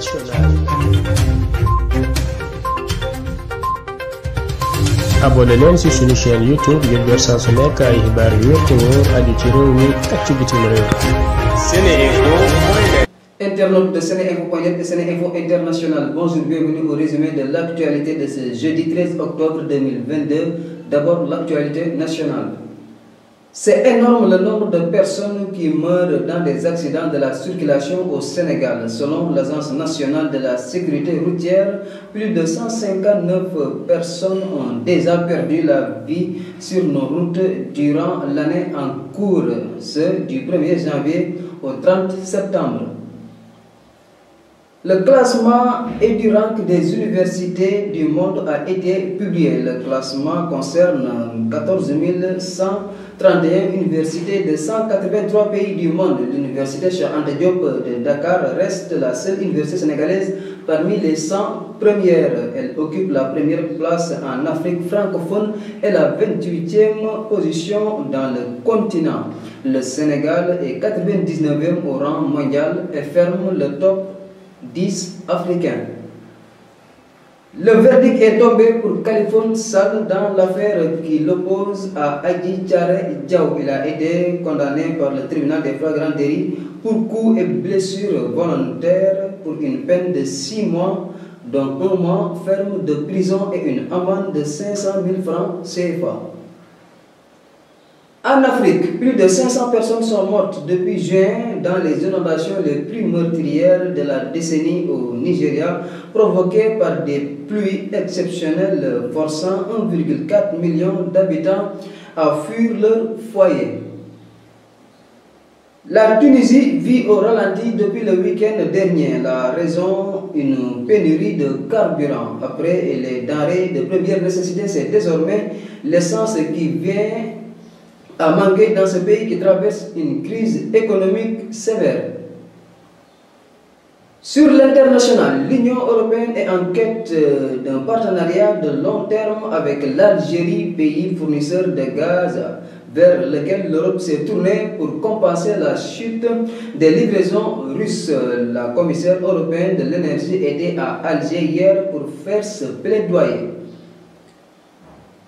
nationale. abonné leen ci suñu chaîne youtube ngir jot saa su nekk ay xibaar yu wér ci réew mi ak ci bitim réew. SeneInfo. de SeneInfo.net et SeneInfo International, bonjour, bienvenue au résumé de l'actualité de ce jeudi octobre D'abord, l'actualité nationale. C'est énorme le nombre de personnes qui meurent dans des de la circulation au Sénégal. Selon l'Agence nationale de la sécurité routière, plus de 159 personnes ont déjà perdu la vie sur nos routes durant l'année en cours, ce du 1er janvier au Le classement édurant des universités du monde a été publié. Le classement concerne 14 131 universités de 183 pays du monde. L'université Cheikh Anta Diop de Dakar la seule université sénégalaise parmi les 100 premières. Elle occupe la première place en Afrique francophone e position dans le continent. Le et ferme le top 10 Africains. Le verdict est tombé pour Khalifoun Sall dans l'affaire qui l'oppose à Adji Tchare Diaw. Il a été condamné par le tribunal des flagrants pour coups et blessures volontaires pour une peine de 6 mois, dont un mois ferme de prison et une amende de francs CFA. En Afrique, plus de 500 personnes sont mortes depuis juin dans les inondations les plus meurtrières de la décennie au Nigeria, provoquées par des pluies exceptionnelles forçant 1,4 million d'habitants à fuir leur foyer. La Tunisie vit au ralenti depuis le week-end dernier. La raison, une pénurie de carburant. Après les denrées de première nécessité, c'est désormais l'essence qui vient à manquer dans ce pays qui traverse une crise économique sévère. Sur l'international, l'Union européenne est en quête euh, d'un partenariat de long terme avec l'Algérie, pays fournisseur de gaz vers lequel l'Europe s'est tournée pour compenser la chute des livraisons russes. La commissaire européenne de l'énergie était à Alger hier pour faire ce plaidoyer.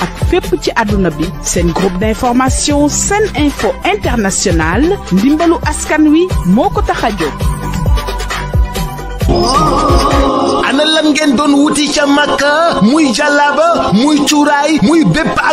ak fépp ci àdduna bi seen groupe d'information seen info international ndimbalu askan wi moo ko tax a jóg. ana lan ngeen doon wuti ca Makka muy jàllaaba muy cuuraay muy bépp